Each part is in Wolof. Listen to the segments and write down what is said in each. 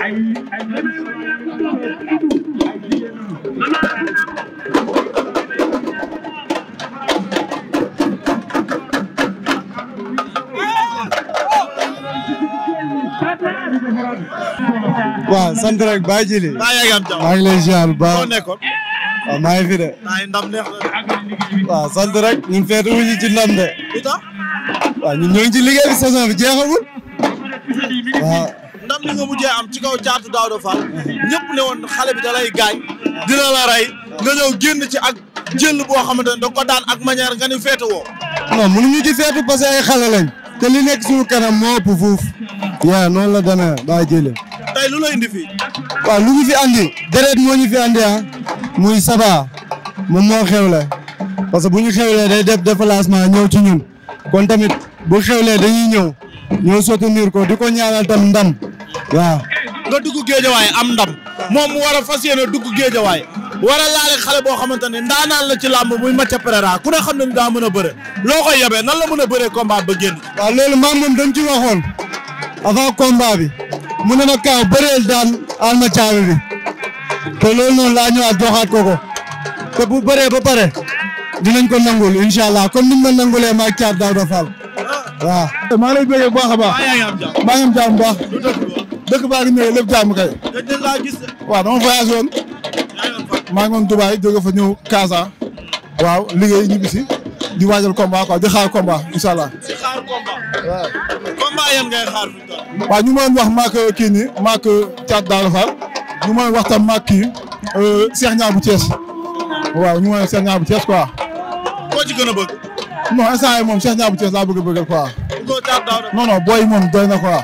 ay ay waaw sant rek baa jili maa ngi lay ziar bu baax maa ngi fi de waaw sant rek ñun feetu wuñu ci ndam de waaw ñun ñoo ngi ci liggéey bi saison bi jeexagul waaw ndam li nga mujjee am ci kaw caatu Daouda Fall ñëpp ne woon xale bi da lay gaañ dina la rey nga ñëw génn ci ak jël boo xamante ne da ko daan ak manière nga ni feetu woo non mënuñu ci feetu ay xale te li nekk suñu kanam moo ëpp fuuf. yaa noonu la dana baa jëlee. tey lu la indi fii. waaw lu ñu fi andi. deret moo ñu fi andi ah. muy Saba moom moo xewle. parce que bu ñu xewlee day def déplacement ñëw ci ñun. kon tamit bu xewlee dañu ñëw. ñëw soutenir ko di ko ñaanal tam ndam. waaw. nga dugg géejawaay am ndam. moom mu war a fas yéene dugg géejawaay war a laale xale boo xamante ne ndaanaan la ci làmb muy Mathia Pereira ku ne xam ne daa mën a bëre loo koy yebee nan la mën a bëree combat ba génn. waaw loolu maa moom dañ ci waxoon bi mu ne ma kaw daan aal ma caabi bi te loolu noonu laa ñëwaat joxaat ko ko te bu bëree ba pare nañ ko nangul incha allah comme ni ma nangulee maag caab daaw da faal maa ngi lay bëggee a baax kay. waaw dama voyage woon. maa ngi woon Dubaay jóge fa ñëw Casa. waaw liggéey ñibbi si di waajal combat quoi di xaar combat incha allah. di ñu mën wax maak euh, kii nii maak euh, Thiat Daara Fall ñu mën wax tam maak kii euh, Cheikh Niang bu Thiès. waaw ñu mën Cheikh Niang bu Thiès quoi. koo ci gën a bëgg. non instant yii moom Cheikh Niang bu Thiès laa bëgg a bëggal quoi. non booy moom doy na quoi.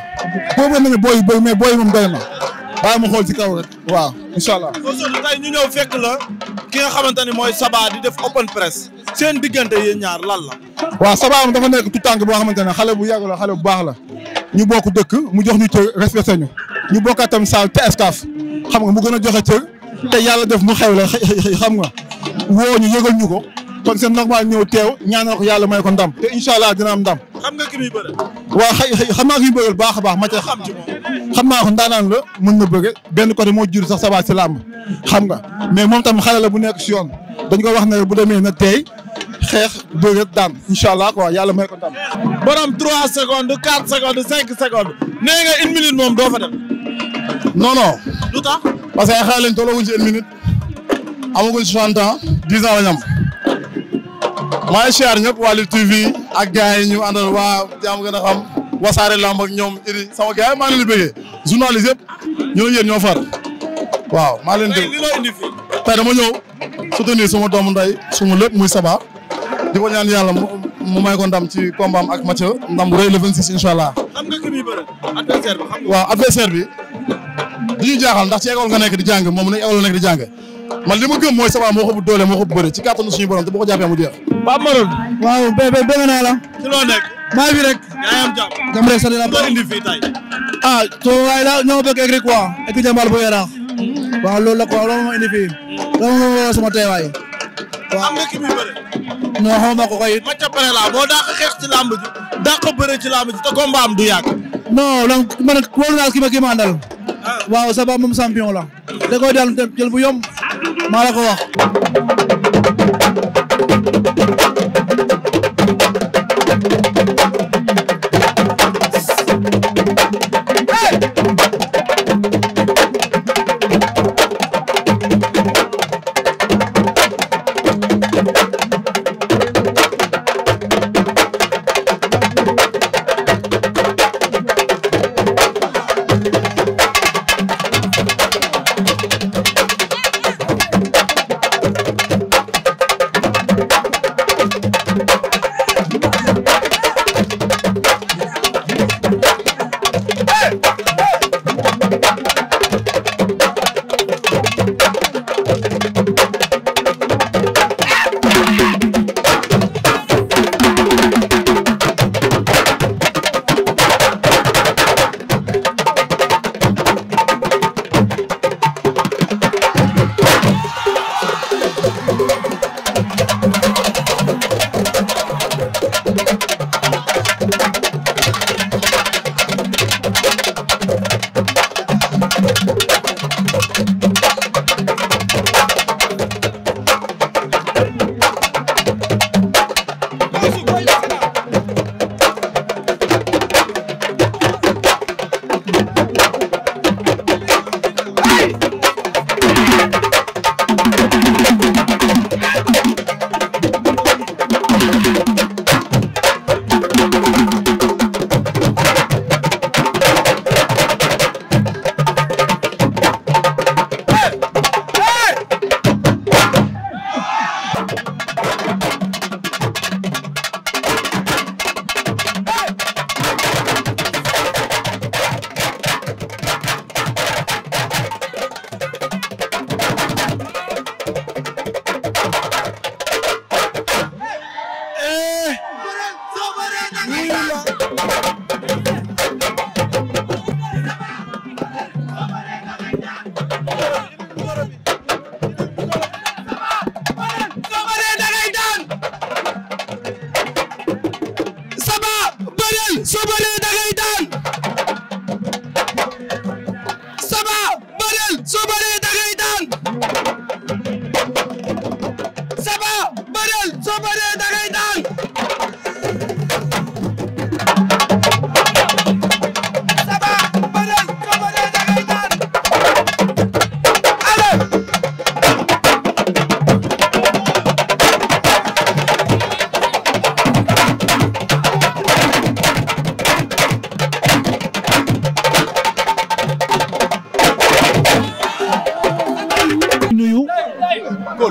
boo mel ni booy booy moom doy na. waaye mu xool ci kaw rek waaw incha allah. Feugeuleu tey ñu ñëw fekk la ki nga xamante ne mooy Saba di def open press seen diggante yéen ñaar lan la. waaw Saba moom dafa nekk tout tànk boo xamante ne xale bu yàgg la xale bu baax la ñu bokk dëkk mu jox ñu cër respecté ñu ñu bokkaat tam saal te staff xam nga mu gën a joxe cër te yàlla def mu xew la xam nga woo ñu yëgal ñu ko. kon c'est normal ñëw teew ñaanal ko yàlla may ko ndam te incha allah dina am ndam. xam nga ki muy bëre. waaw xay xam naa ki muy bëre baax a baax ma ca xam ci moom. xam naa ko ndaanaan la mën na bëgg benn côté moo jur sax sabaat si làmb xam nga mais moom tam xale la bu nekk si yoon dañ ko wax ne bu demee na tey xeex bëre daan incha allah quoi yàlla may ko ndam. borom 3 secondes 4 secondes 5 secondes nee nga une minute moom doo fa dem. non non. lu tax parce que ay xale lañ tolloo wuñ ci une minute amaguñ 60 ans 10 ans lañ am. maa ngi siyaar ñëpp waa Lutte TV ak gars yi ñu àndal waa jaam gën a xam wasaare lamb ak ñoom iri sama gars yi maa ngi leen di bëggee journaliste yëpp ñoo yéen ñoo far waaw maa leen di tey ma ñëw soutenir suma doomu nday suma lépp muy Saba di ko ñaan yàlla mu may ko ndam ci combat am ak Mathieu ndam bu rëy le 26 incha allah. waaw adversaire bi di ñu jaaxal ndax ci école nga nekk di jàng moom mu nekk école nga nekk di jàng man li ma gëm mooy Saba moo ko doole moo ko bëre ci kàttanu suñu borom te boo Pape Maroon. waaw bébé bëgg naa la. ci loo nekk. maa fi rek. yaa ngi am jàmm. jàmm rek sant la. loo indi fii tey. ah soo waay daal ñoo bëgg écrit quoi. écrit jàmbaar bu yaraax. waaw loolu la quoi loolu moo indi fii. loolu moo waral sama teewaay. waaw am ko koy. ma ca pare boo dàq xeex ci làmb ji. dàq bëre ci làmb ji te combat am du yàgg. non donc man wóor naa ki ma ki ma àndal. Ah. waaw Saba moom champion la. da koy daal jël maa la ko wax.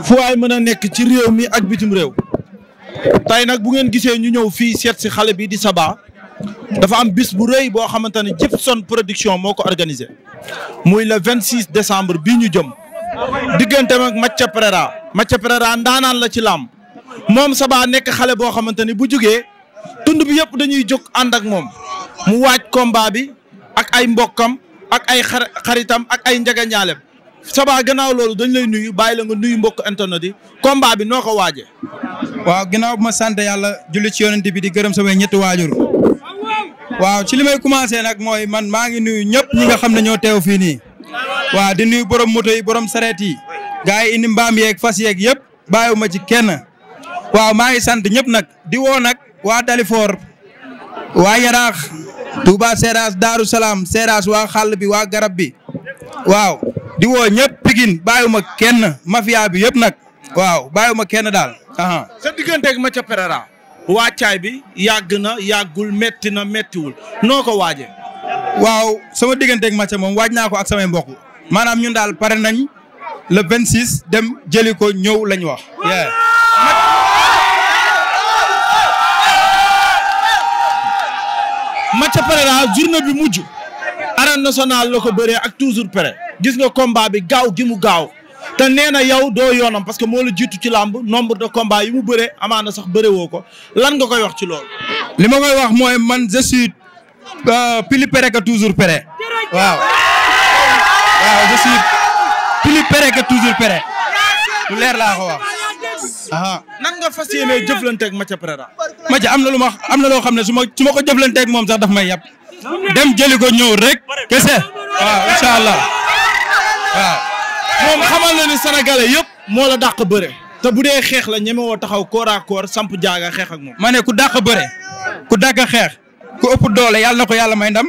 fu waay mën a nekk ci réew mi ak bitim réew tey nag bu ngeen gisee ñu ñëw fii seet si xale bi di Saba dafa am bis bu rëy boo xamante ne Jibson production moo ko organisé muy le 26 décembre bii ñu jëm digganteem ak Mathia Pereira Mathia Pereira ndaanaan la ci làmb moom Saba nekk xale boo xamante ni bu jógee tund bi yëpp dañuy jóg ànd ak moom mu waaj combat bi ak ay mbokkam ak ay xaritam ak ay njagañaaleem Saba gannaaw loolu dañ lay nuyu bàyyi la nga nuyu mbokk internet yi combat bi noo ko waajee. waaw ginnaaw bi ma sant yàlla julli ci yonent bi di gërëm samay ñetti waajur. waaw ci li may commencé nag mooy man maa ngi nuyu ñëpp ñi nga xam ne ñoo teew fii nii. waaw di nuyu borom moto yi borom sareet yi. gars yi mbaam yeeg fas yeeg yëpp bàyyiwuma ci kenn. waaw maa ngi sant ñëpp nag di woo nag waa Dalifor. waa Yaraax. Touba Seras Daaru Salaam Seras waa xàll bi waa garab bi waaw. di woo ñëpp Pikine bàyyiwuma kenn mafia bi yëpp nag. waaw bàyyiwuma kenn daal. sa digganteeg Mathia Pereira. wàccaay bi yàgg na yàggul metti na mettiwul noo ko waajee. waaw sama digganteeg Mathia moom waaj naa ko ak samay mbokk maanaam ñun daal pare nañ le 26 dem jëli ko ñëw lañ wax. Mathia Pereira journée bi mujj. arène nationale la ko bëree ak toujours pere. gis nga combat bi gaaw gi mu gaaw te nee na yow doo yoonam parce que moo la jiitu ci làmb nombre de combat yi mu bëre amaana sax bëree woo ko lan nga koy wax ci lool li ma koy wax mooy man je suis euh, pili pere que toujours pere. waaw waaw je suis pere leer laa ko wax. ah. nan nga fas yéenee jëflanteeg Mathia Pereira. Mathia am na lu ma am na loo xam ne su ma ma ko jëflanteeg moom sax daf may yàpp. dem jëli ko ñëw rek. kese waaw incha allah. waaw moom xamal na ni sénégalais yëpp moo la dàq bëre te bu dee xeex la ñeme woo taxaw koor ak koor samp jaaga xeex moom ma ne ku a bëre ku dàq xeex ku ëpp doole yàlla na ko yàlla may ndam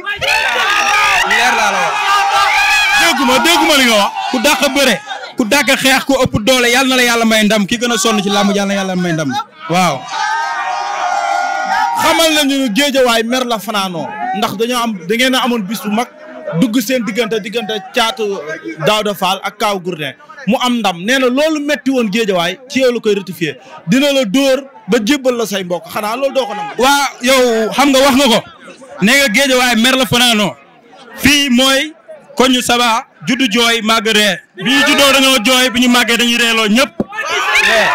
leer laa la wax ku dàq bëre ku xeex ku ëpp doole yàlla na la yàlla may ndam gën a sonn ci làmb yàlla yàlla may ndam waaw xamal nañu géejawaay mer la fanaanoo ndax dañoo am da ngeen amoon bis mag dugg seen diggante diggante caatu Daouda Fall ak Kaaw Gourdin mu am ndam nee na loolu metti woon géejawaay ci yow la koy rectifier dina la dóor ba jébbal la say mbokk xanaa loolu doo ko nam waa yow xam nga wax nga ko nee nga géejawaay mer la fanaanoo fii mooy koñu saba juddu jooy màgg ree bi ñu juddoo dañoo jooy bi ñu màggee dañuy reeloo ñëpp eh,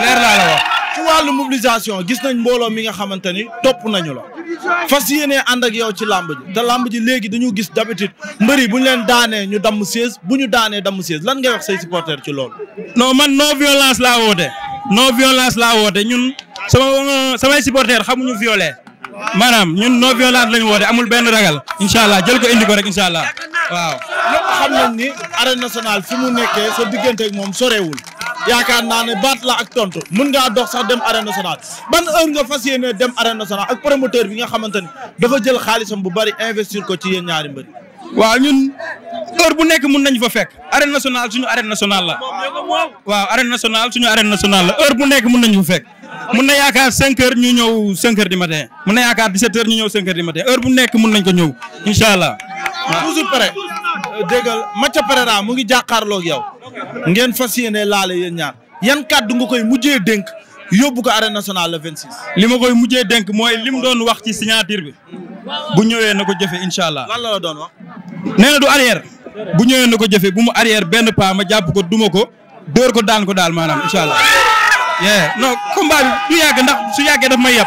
leer laa la wax ci wàllu mobilisation gis nañ mbooloo mi nga xamante ni topp nañu la fas yéene ànd ak yow ci làmb ji te làmb ji léegi dañu gis d'habitude mbëri bu ñu leen daanee ñu damm siège bu ñu daane damm siège lan ngay wax say supporter ci lool non man non violence laa woote non violence la woote ñun sama samay supporter xamuñu violé maanaam ñun non violence lañu woote amul benn ragal incha allah jël ko indi ko rek incha allah waaw ñëpp xam nañ ni arène nationale fi mu nekkee sa diggante ak moom sorewul yaakaar naa ne baat la ak tontu mun ngaa dox sax dem arène nationale ban heure nga fas yéene dem arène nationale ak promoteur bi nga xamante ni dafa jël xaalisam bu bari investir ko ci yéen ñaari mbëri waaw ñun heure bu nekk mun nañ fa fekk arène nationale suñu arène nationale la waaw arène nationale suñu arène nationale la heure bu nekk mun nañ fa fekk mun na yaakaar cinq heures ñu ñëw cinq heures du matin mun na yaakaar dix-sept ñu ñëw cinq heures du matin heure bu nekk mun nañ ko ñëw incha allah toujours déggal Mathia Pereira mu ngi jàkkaarloog yow ngeen fas yéene laal yéen ñaar yan kàddu nga koy mujjee dénk yóbbu ko arène nationale le 26. li ma koy mujjee dénk mooy li mu doon wax ci signature bi bu ñëwee na ko jëfe incha allah. lan la doon wax. du arrière. bu ñëwee na ko jëfe bu mu arrière benn pas ma jàpp ko duma ko dóor ko daan ko daal maanaam incha allah. yeah non combat bi du yàgg ndax su yàggee daf may yab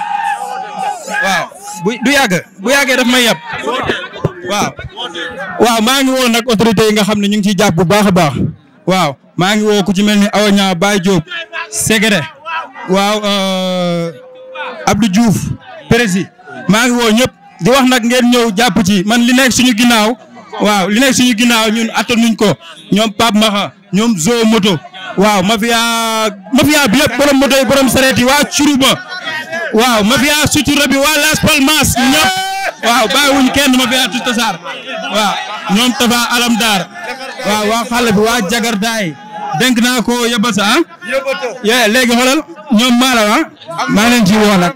waaw bu du yàgg bu yàggee daf may yab. waaw waaw maa ngi woo nag autorités yi nga xam ne ñu ngi ciy jàpp bu baax a baax waaw maa ngi woo ku ci mel ni Awa Niang Baye Diop Ségéré waaw euh, Abdou juuf prési maa ngi woo ñëpp di wax nag ngeen ñëw jàpp ci man li nekk suñu ginnaaw waaw li nekk suñu ginnaaw ñun attanuñ ko ñoom Pape Maxa ñoom Zo moto waaw mafia mafia bi yëpp borom moto yi borom sareet yi waa Curuba waaw mafia sutura bi waa Las Palmas ñëpp waaw bàyyiwuñ kenn ma fi atu tasaar waaw ñoom Tafa alam daar waaw waa xale bi waa jagardaay denk naa ko yabata ah. yabata léegi xoolal ñoom Malaw ah. maa leen ci woo nag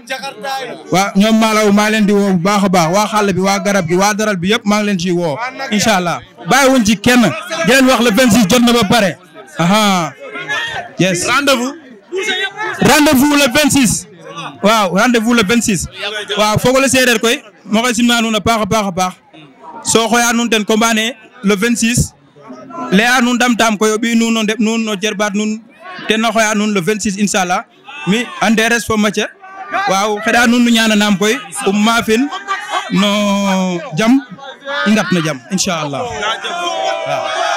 waaw ñoom Malaw maa leen di woo bu baax a baax waa xale bi waa garab gi waa daral bi yëpp maa leen ci woo incha allah bàyyiwuñ ci kenn di leen wax le 26 jot na ba pare. aha yes rendez-vous. rendez-vous le 26. waaw rendez-vous le 26. waaw foogale séeréer koy. maxey simna nuun a paax a paax a paax so xoya nuun ten combat ne le 26 leya nuun ndamtaam koy o ɓiy nuun o ndeɓ nuun no jerbaat nuun ten na xoya nuun le 26 inchallah mi a nderes fo Mathieu waaw xeɗa nuun nu ñaananaam koy um maafin no jam ngat no jam inchallah waaw